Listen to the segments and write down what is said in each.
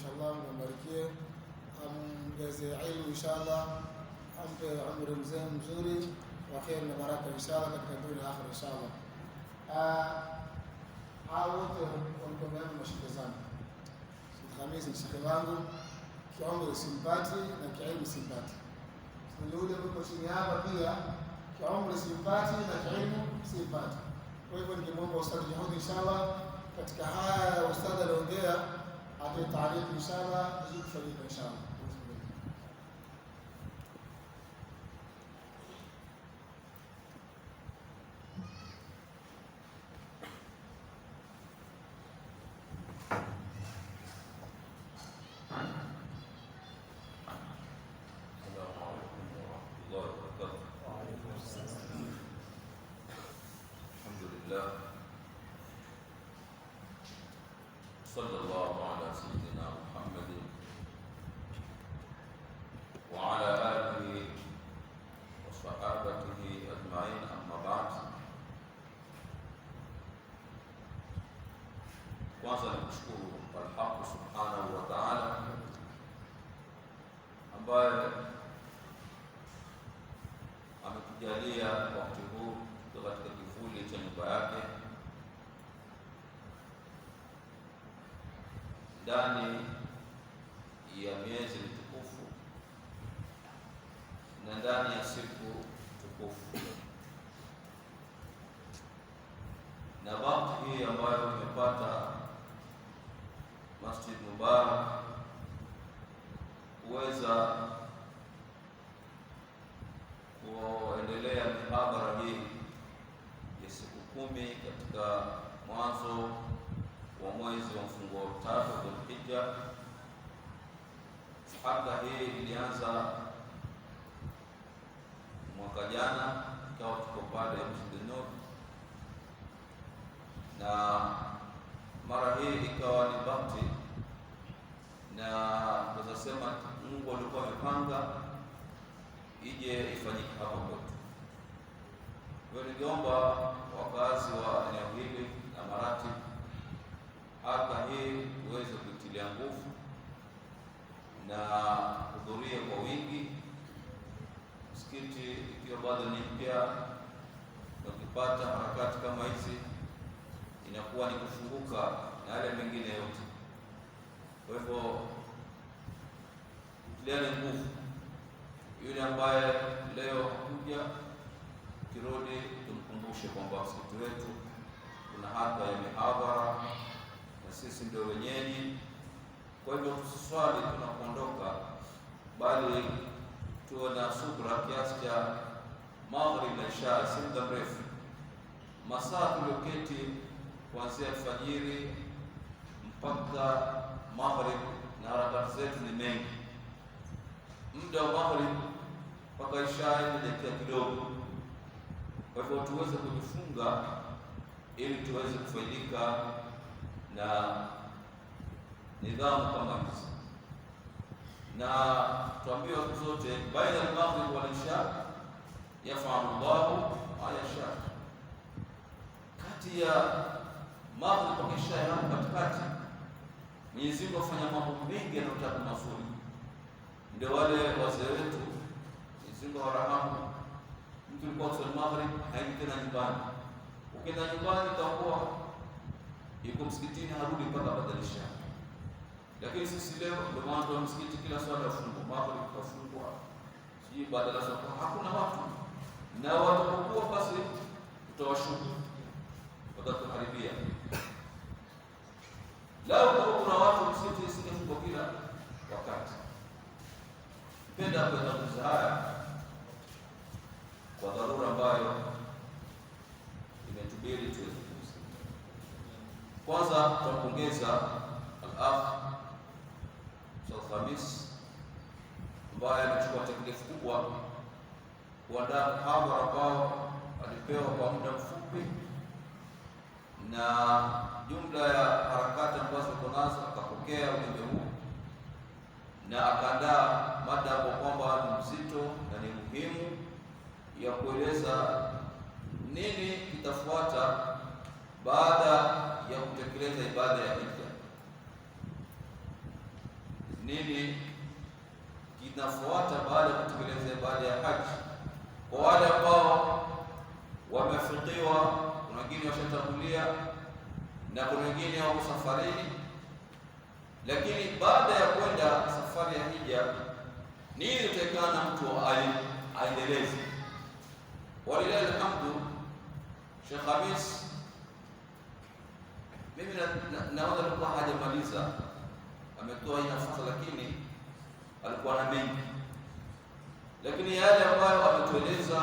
شاء الله ونباركيه ام جزي علم ان شاء الله ام في عمر مزين مزوري واخيرا مباركة ان شاء الله قد تدور اخر ان شاء الله عاوت آه، آه، انكم يوم مش كزان الخميس مش كزان كعمر سيمباتي وكعلم سيمباتي سنلود بكم شنيا بقية كعمر سيمباتي وكعلم سيمباتي ويقول لكم ان شاء الله katika haya ustadha اعطي تعليق الله نزيد فريق ان شاء الله صلى الله سيدنا محمد وعلى آله وصحابته أجمعين أما بعد kwanza ni kushukuru Alhaq subhanahu wa ta'ala ambaye ametujalia wakati huu katika kivuli cha nyumba yake ndani ya miezi mitukufu na ndani ya siku tukufu, na wakati hii ambayo tumepata Masjid Mubarak kuweza kuendelea mihadhara hii ya siku kumi katika mwanzo wa mwezi wa mfungo tatu Dhulhijja. Hafla hii ilianza mwaka jana, ikawa tuko pale Msdinur, na mara hii ikawa ni bati na tunasema Mungu alikuwa amepanga ije ifanyike hapa kwetu. Kwa hiyo niliomba wakazi wa eneo hili na maratibu hata hii uweze kuitilia nguvu na hudhuria kwa wingi. Msikiti ikiwa bado ni mpya, ukipata harakati kama hizi inakuwa ni kufunguka na yale mengine yote. Kwa hivyo tiliane nguvu. Yule ambaye leo hakuja, kirudi tumkumbushe kwamba msikiti wetu kuna hadha ya mihadhara sisi ndio wenyeji. Kwa hivyo tusiswali tunapoondoka, bali tuwe na subra kiasi cha maghrib na isha, si muda mrefu, masaa tulioketi kuanzia alfajiri mpaka maghrib, na harakati zetu ni mengi. Muda wa maghrib mpaka isha imejakia kidogo, kwa hivyo tuweze kujifunga ili tuweze kufaidika na nidhamu kama hizo, na tuambie watu zote baina al-maghrib wal isha yafalu Allahu ayasha, kati ya maghrib na isha yao katikati, Mwenyezi Mungu afanya mambo mengi yanayotaka nafuu. Ndio wale wazee wetu Mwenyezi Mungu awarahamu, mtu alikuwa swali maghrib haendi tena nyumbani, ukienda nyumbani utakuwa yuko msikitini harudi mpaka abadilisha. Lakini sisi leo ndio watu wa msikiti, kila swala yafungwa, mambo yakafungwa, sijui badala za hakuna watu na watapokuwa basi tutawashuku watakuharibia Lau kama kuna watu msikiti isingefungwa kila wakati, penda kwenda haya kwa dharura ambayo imetubiri tuwe kwanza tumpongeza al-Akh Said Khamis ambaye amechukua taklifu kubwa kuandaa mhadhara ambao alipewa kwa muda mfupi, na jumla ya harakati ambazo uko nazo, akapokea ujumbe huu na akaandaa mada kwa kwamba ni mzito na ni muhimu ya kueleza nini kitafuata nini kinafuata baada ya kutekeleza ibada ya haji. Kwa wale ambao wamefikiwa, kuna wengine washatangulia na kuna wengine wako safarini, lakini baada ya kwenda safari ya hija nini itaikana mtu aendeleze. Walilahi alhamdu, Sheikh hamis mimi naona alikuwa hajamaliza ametoa hii nafasi, lakini alikuwa na mengi, lakini yale ambayo ametueleza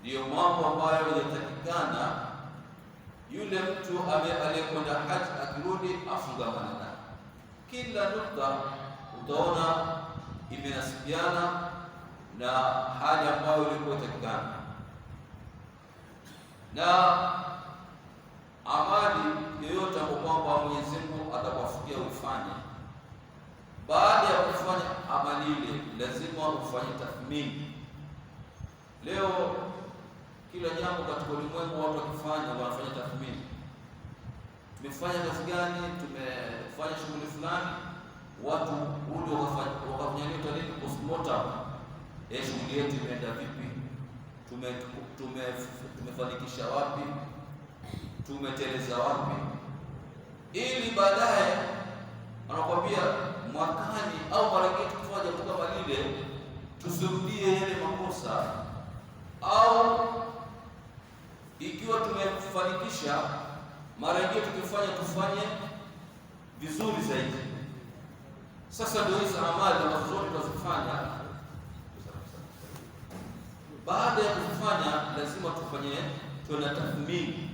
ndiyo mambo ambayo yatakikana yule mtu aliyekwenda haji akirudi afungamana nayo. Kila nukta utaona imenasibiana na hali ambayo ilikuwa itakikana na amali yoyote ambayo kwamba Mwenyezi Mungu hata atakuafukia ufanye. Baada ya kufanya amali ile, lazima ufanye tathmini. Leo kila jambo katika ulimwengu watu wakifanya, wanafanya tathmini. Tumefanya kazi gani? Tumefanya shughuli fulani, watu ule wakafanya nini? postmortem, eh, shughuli yetu imeenda vipi? Tume tumefanikisha wapi? Tumeteleza wapi? ili baadaye anakuambia mwakani au mara nyingine tukifanya jambo kama lile tusirudie yale makosa, au ikiwa tumefanikisha mara nyingine tukifanya tufanye vizuri zaidi. Sasa ndio hizo amali ambazo tunazifanya baada ya kufanya lazima tufanye, tuna tathmini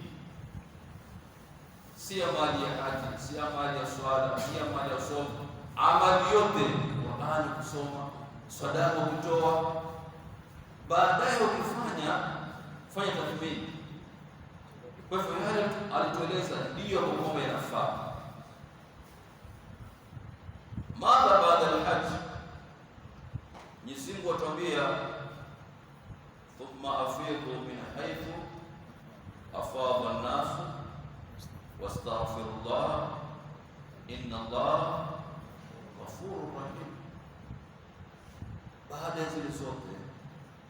si amali ya haji, si amali ya swala, si amali ya somo, amali yote Qur'ani kusoma, sadaka kutoa. Baadaye ukifanya fanya tathmini. Kwa hivyo yale alitueleza ndiyo mambo yanafaa. Mara baada ya haji, Mwenyezi Mungu atuambia thumma afiqu min astaghfirullah inna Allah rahim. Baada ya zile zote,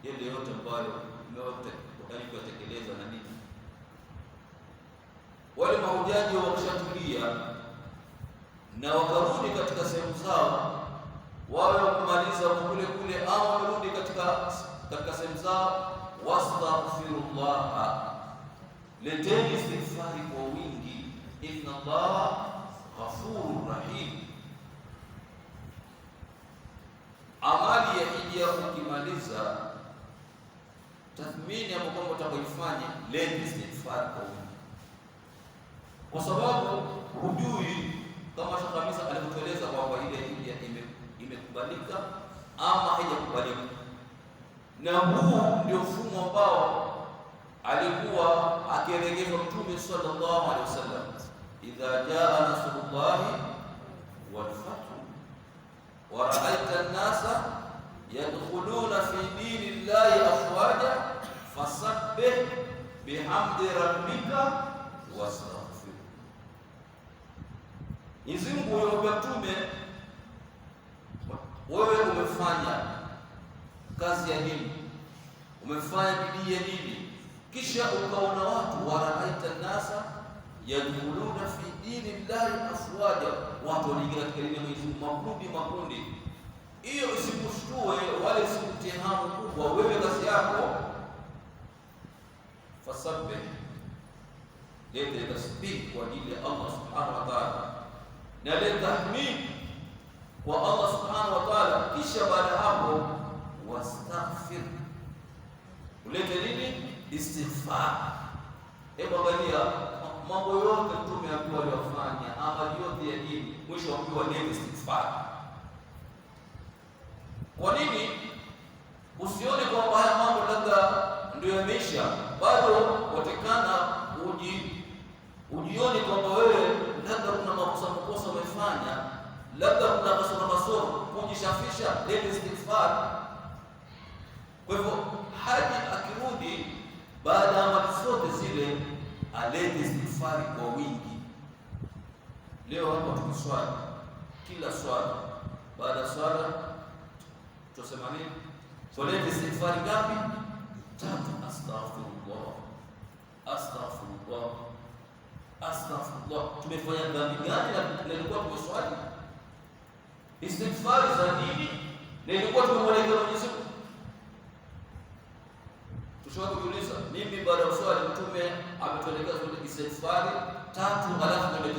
yale yote ambayo yalivyotekelezwa na nini, wale mahujaji wakishatulia na wakarudi katika sehemu zao, wawe wakumaliza kule kule au warudi katika katika sehemu zao, wastaghfirullaha, leteni istighfari kwa wingi inna Allah ghafurur rahim. Amali ya hija ukimaliza tathmini ama kwamba utakoifanya leni istighfar kwa wingi, kwa sababu hujui kama shakamisa alivyotueleza kwamba ile hija imekubalika ama haijakubalika, na huu ndio mfumo ambao alikuwa akielekezwa Mtume sallallahu alaihi wasallam idha jaa nasrullahi wal fath wa ra'aita an-nasa yadkhuluna fi dinillahi afwaja fasabbih bihamdi rabbika wastaghfir. Mwenyezi Mungu huyo wewe umefanya kazi ya dini, umefanya bidii ya dini, kisha ukaona watu wa ra'aita an-nasa yadkhuluna fi dini llahi afwaja, watu wanaingia katika dini ya Mwenyezi Mungu makundi makundi. Hiyo isikushtue wala isikutihamu kubwa wewe kazi yako. Fasabbih, leta tasbih kwa ajili ya Allah subhanahu wa ta'ala, na leta tahmid kwa Allah subhanahu wa ta'ala. Kisha baada hapo wastaghfir, ulete nini? Istighfar. Hebu angalia mambo yote mtume alikuwa aliyofanya, amali yote ya dini, mwisho akiwa nini? Istighfar. Kwa nini usione kwamba haya mambo labda ndio yameisha? Bado watekana uji ujione kwamba wewe labda kuna makosa makosa umefanya, labda kuna masomo masomo, kujishafisha, ndio istighfar. Kwa hivyo haji akirudi baada ya amali zote zile alete istighfari kwa wingi. Leo hapa tukiswali, kila swala baada ya swala tutasema nini? Twalete istighfari ngapi? Tatu. Astaghfirullah, astaghfirullah, astaghfirullah. Tumefanya dhambi gani? Na Nalikuwa tumeswali istighfari za nini? Nilikuwa tumemwelekea Mwenyezi Sio kujiuliza mimi baada ya kuswali mtume ametuelekeza kwenye kisafari tatu halafu ndio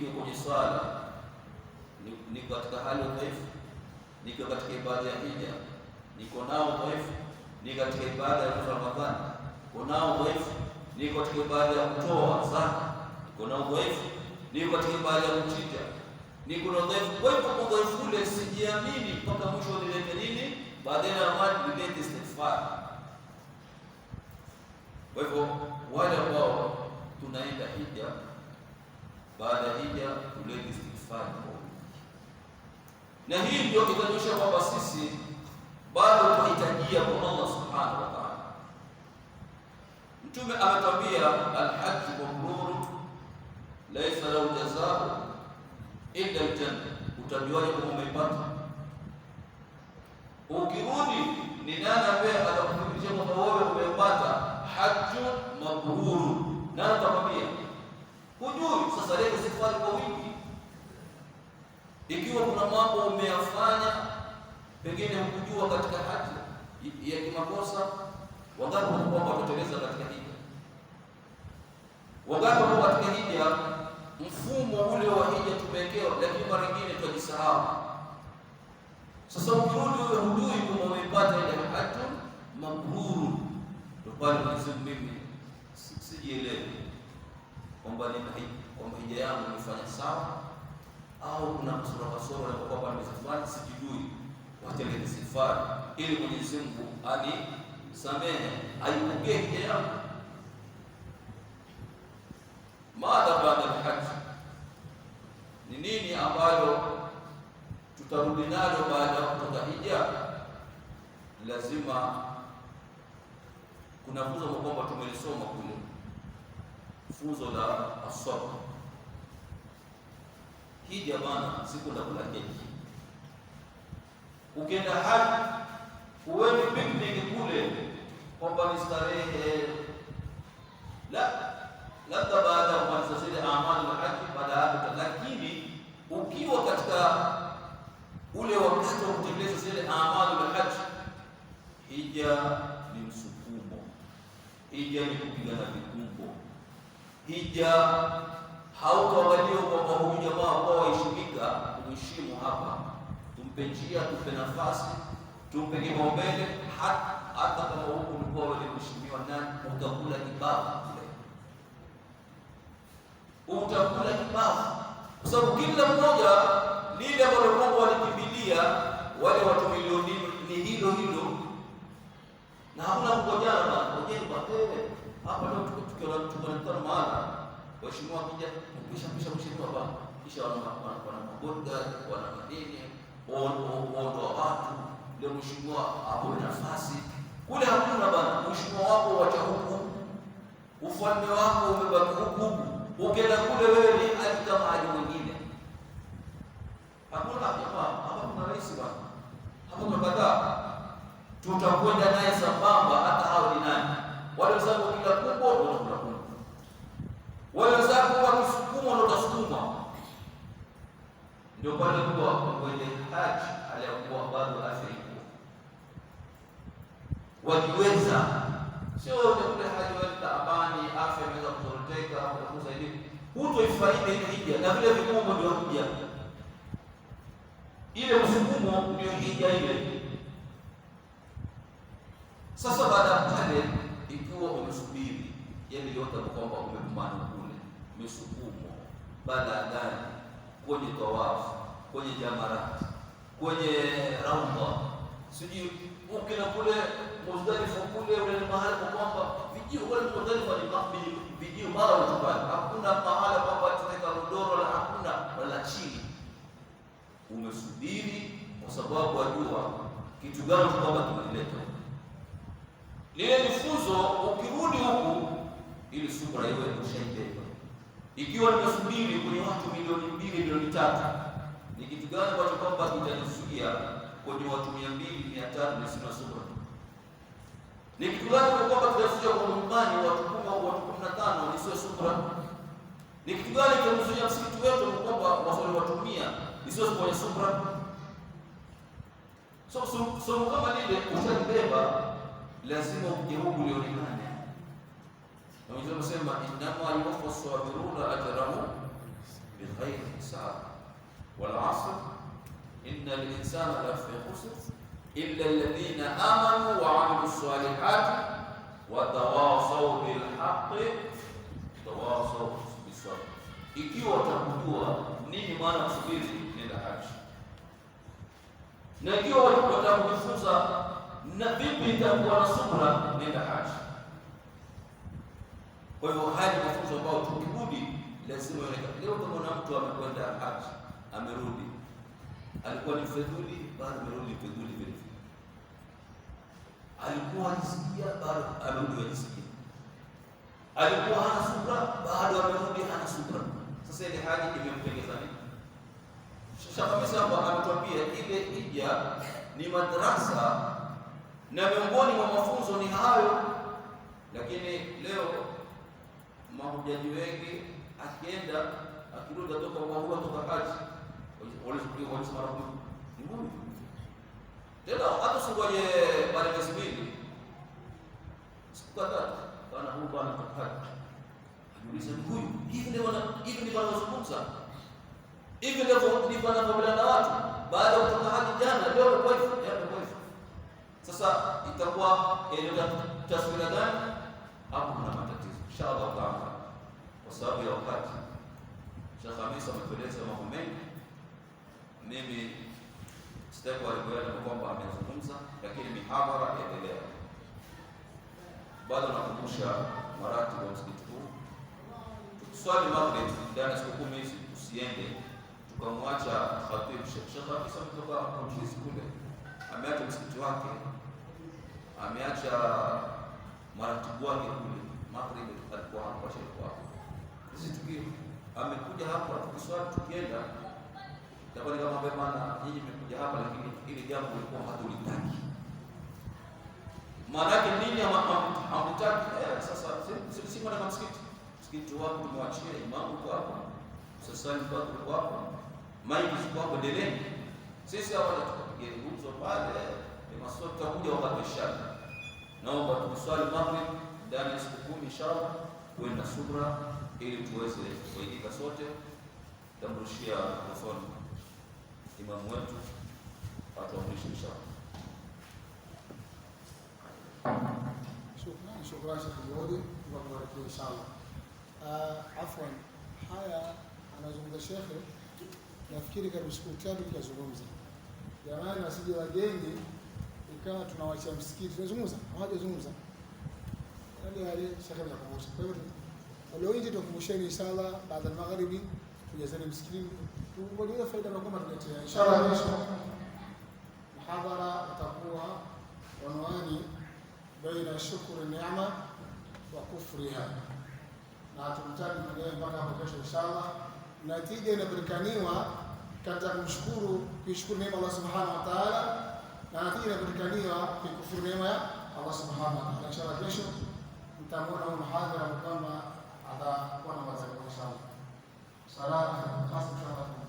nikiwa kwenye swala niko katika hali ya udhaifu, nikiwa katika ibada ya hija niko nao udhaifu, niko katika ibada ya kufunga Ramadhani niko nao udhaifu, niko katika ibada ya kutoa zaka niko nao udhaifu, niko katika ibada ya kuchinja niko na udhaifu. Kwa hivyo kwa udhaifu ule sijiamini mpaka mwisho nilete nini, baadaye na watu nilete istighfar. Kwa hivyo wale ambao tunaenda hija baada ya hija tulete istighfar kwa na hii ndio itaonyesha kwamba sisi bado tunahitajia kwa Allah subhanahu wa ta'ala. Mtume ametuambia alhajj mabrur laysa lahu jazaa illa aljanna, utajuaje kama umeipata? Ukirudi ni nani ambaye atakufundisha kwamba wewe umeipata hajj mabrur? Nani atakwambia? hujui. Sasa leo safari kwa wingi, ikiwa kuna mambo umeyafanya pengine hukujua katika hati ya kimakosa, wangapi walikuwa wameteleza katika hija? Wangapi walikuwa katika hija, mfumo ule wa hija tumewekewa, lakini mara nyingine tunajisahau. Sasa ukirudi wewe hujui kama umeipata ile hatu mabruru, ndio pale mimi sijielewi kwamba kwamba hija yangu nimefanya sawa, au kuna kasoro kasoro na kwamba nimezifanya sijui, watende istighfari ili Mwenyezi Mungu anisamehe, aipokee hija yangu. Madha baada ya haji ni nini ambayo tutarudi nalo baada ya kutoka hija? Lazima kuna kuzo kwamba tumelisoma kule funzo la aswaka. Hija bwana, siku la kula keki. Ukienda haji huweni picnic kule kwamba ni starehe, la labda baada ya kumaliza zile amali la haji baada ya, lakini ukiwa katika ule wakati wa kutekeleza zile amali la haji, hija ni msukumo, hija ni kupigana vikuu hija hautawaliwa kwamba huyu jamaa ambao waheshimika kumheshimu hapa, tumpe njia, tumpe nafasi, tumpe kipaumbele, hata kama huku ulikuwa wele mheshimiwa nani, utakula kibavu kule, utakula kibavu, kwa sababu kila mmoja lile ambalo Mungu walikimbilia wale watu milioni ni hilo hilo, na hakuna mkojana bana, ngojeni kwa hapa leo tuko tukiona mkutano mara waheshimiwa kija kisha kisha mshindo hapa, kisha wana magoda wana madini waondoa watu. Leo mheshimiwa hapo nafasi kule hakuna bana, mheshimiwa wako wacha huku, ufalme wako umebaki huku, ukenda kule wewe ni alitamani mwingine. Hakuna hapa, hapa kuna rais bana, hapo tutakwenda naye sambamba, hata hao ni nani wale wenzako kila kubwa utakula kubwa, wale wenzako wakisukuma utasukuma. Ndio pale haji aliyakuwa bado wakiweza, sio haji taabani, afya imeweza kutoroka au kukosa elimu, hutoifaidi ile hija na vile vikumo ndio hija ile, msukumo ndio hija ile. Sasa baada ya pale ukiwa umesubiri yale yaani yote kwamba umekumbana kule, umesukumwa baada ya gani, kwenye tawafu, kwenye jamarati, kwenye raudha, sijui ukina kule Muzdalifa kule ule mahali kwa kwamba vijio wale Muzdalifa ni mabili vijio mara utupani, hakuna mahala kwamba tutaweka rodoro la hakuna wala chini. Umesubiri kwa sababu wajua kitu gani kwamba kimeleta lile mifuzo ukirudi huku ili subra iwe ushaibeba. Ikiwa nimesubiri kwenye watu milioni mbili milioni tatu, ni kitu gani ambacho kwamba kitanusuia kwenye watu mia mbili mia tatu na subra? Ni kitu gani kwamba kitanusuia kwa nyumbani watu kumi au watu kumi na tano nisiwe subra? Ni kitu gani kitanusuia msikiti wetu kwamba waswali watu mia nisiwe kwenye subra? So so kama lile so, lazima ujaribu leo imani. Na wengine wanasema innama yuwaffa as-sabiruna ajrahum bighairi hisab. Wal 'asr innal insana lafi khusr illa alladhina amanu wa 'amilus salihati wa tawasaw bil haqqi tawasaw bis sabr. Ikiwa utakujua nini maana kusubiri, nenda haji. Na ikiwa watakujifunza na vipi itakuwa na subra, nenda haji. Kwa hivyo haji mafunzo ambao tukirudi lazima ionekane. Leo kama mtu amekwenda haji amerudi, alikuwa ni fedhuli, bado amerudi fedhuli vile vile, alikuwa anisikia, bado amerudi anisikia, alikuwa hana subra, bado amerudi hana subra. Sasa ile haji imempengeza nini? Shekh Hamisi hapa ametuambia ile hija ni madrasa na miongoni mwa mafunzo ni hayo. Lakini leo mahujaji wengi akienda akirudi toka Uhuru toka Haji walisema ni Mungu tena, hata singoje baada ya siku mbili siku tatu, bwana huyu bwana toka Haji ajiulize huyu, hivi ndio hivi ndio wanazungumza hivi ndio ndio wanapambana na watu baada ya kutoka hadi jana leo kwa sasa itakuwa eneo taswira gani? Hapo kuna matatizo inshallah taala, kwa sababu ya wakati. Sheikh Khamis ametueleza mambo mengi, mimi sitaki walikueleza kwamba amezungumza, lakini mihadhara endelea. Bado nakumbusha maratibu wa msikiti huu, tukiswali maghrib ndani ya siku kumi hizi, tusiende tukamwacha khatib Sheikh Khamis kutoka kule ameacha msikiti wake, ameacha maratibu wake kule Magharibi, alikuwa hapo sheikh wake. Sisi tuki amekuja hapa tukiswali, tukienda itakuwa kama ambaye bwana, yeye amekuja hapa, lakini ile jambo lilikuwa hatulitaki. Maana yake nini? Hamtaki. Eh, sasa sisi si mwana msikiti, msikiti wako tumewachia, imamu kwa hapo, sasa, ni kwa hapo, maiki kwa hapo, deleni sisi hapa yalizungumzwa pale ni maswali, tutakuja wakati shaka. Naomba tuswali maghrib ndani ya siku kumi inshallah, kwenda subra ili tuweze kufaidika sote. Tamrushia mikono imamu wetu atuamrishe inshallah. Shukrani, shukrani sana wote kwa inshallah. Ah, afwan, haya anazungumza shekhe, nafikiri karibu siku tatu tutazungumza jamani, wasije wageni ikawa tunawacha msikiti. Tunazungumza hawajazungumza nani wale shaka ya kumbusha. Kwa hivyo leo hii tutakumbusheni sala baada ya magharibi tujazane msikitini, tuongelee faida na kwamba tunatetea inshallah. Kesho muhadhara utakuwa wanwani baina shukuri neema wa kufriha, na tumtani mwenyewe mpaka hapo kesho inshallah, natija inapatikaniwa katika kumshukuru kuishukuru neema Allah subhanahu wa ta'ala, na athira kutikaniwa kuikufuru neema ya Allah subhanahu wa ta'ala. Inshallah kesho mtamwona huyu mhadhara kama atakuwa na mazungumzo sana salama hasa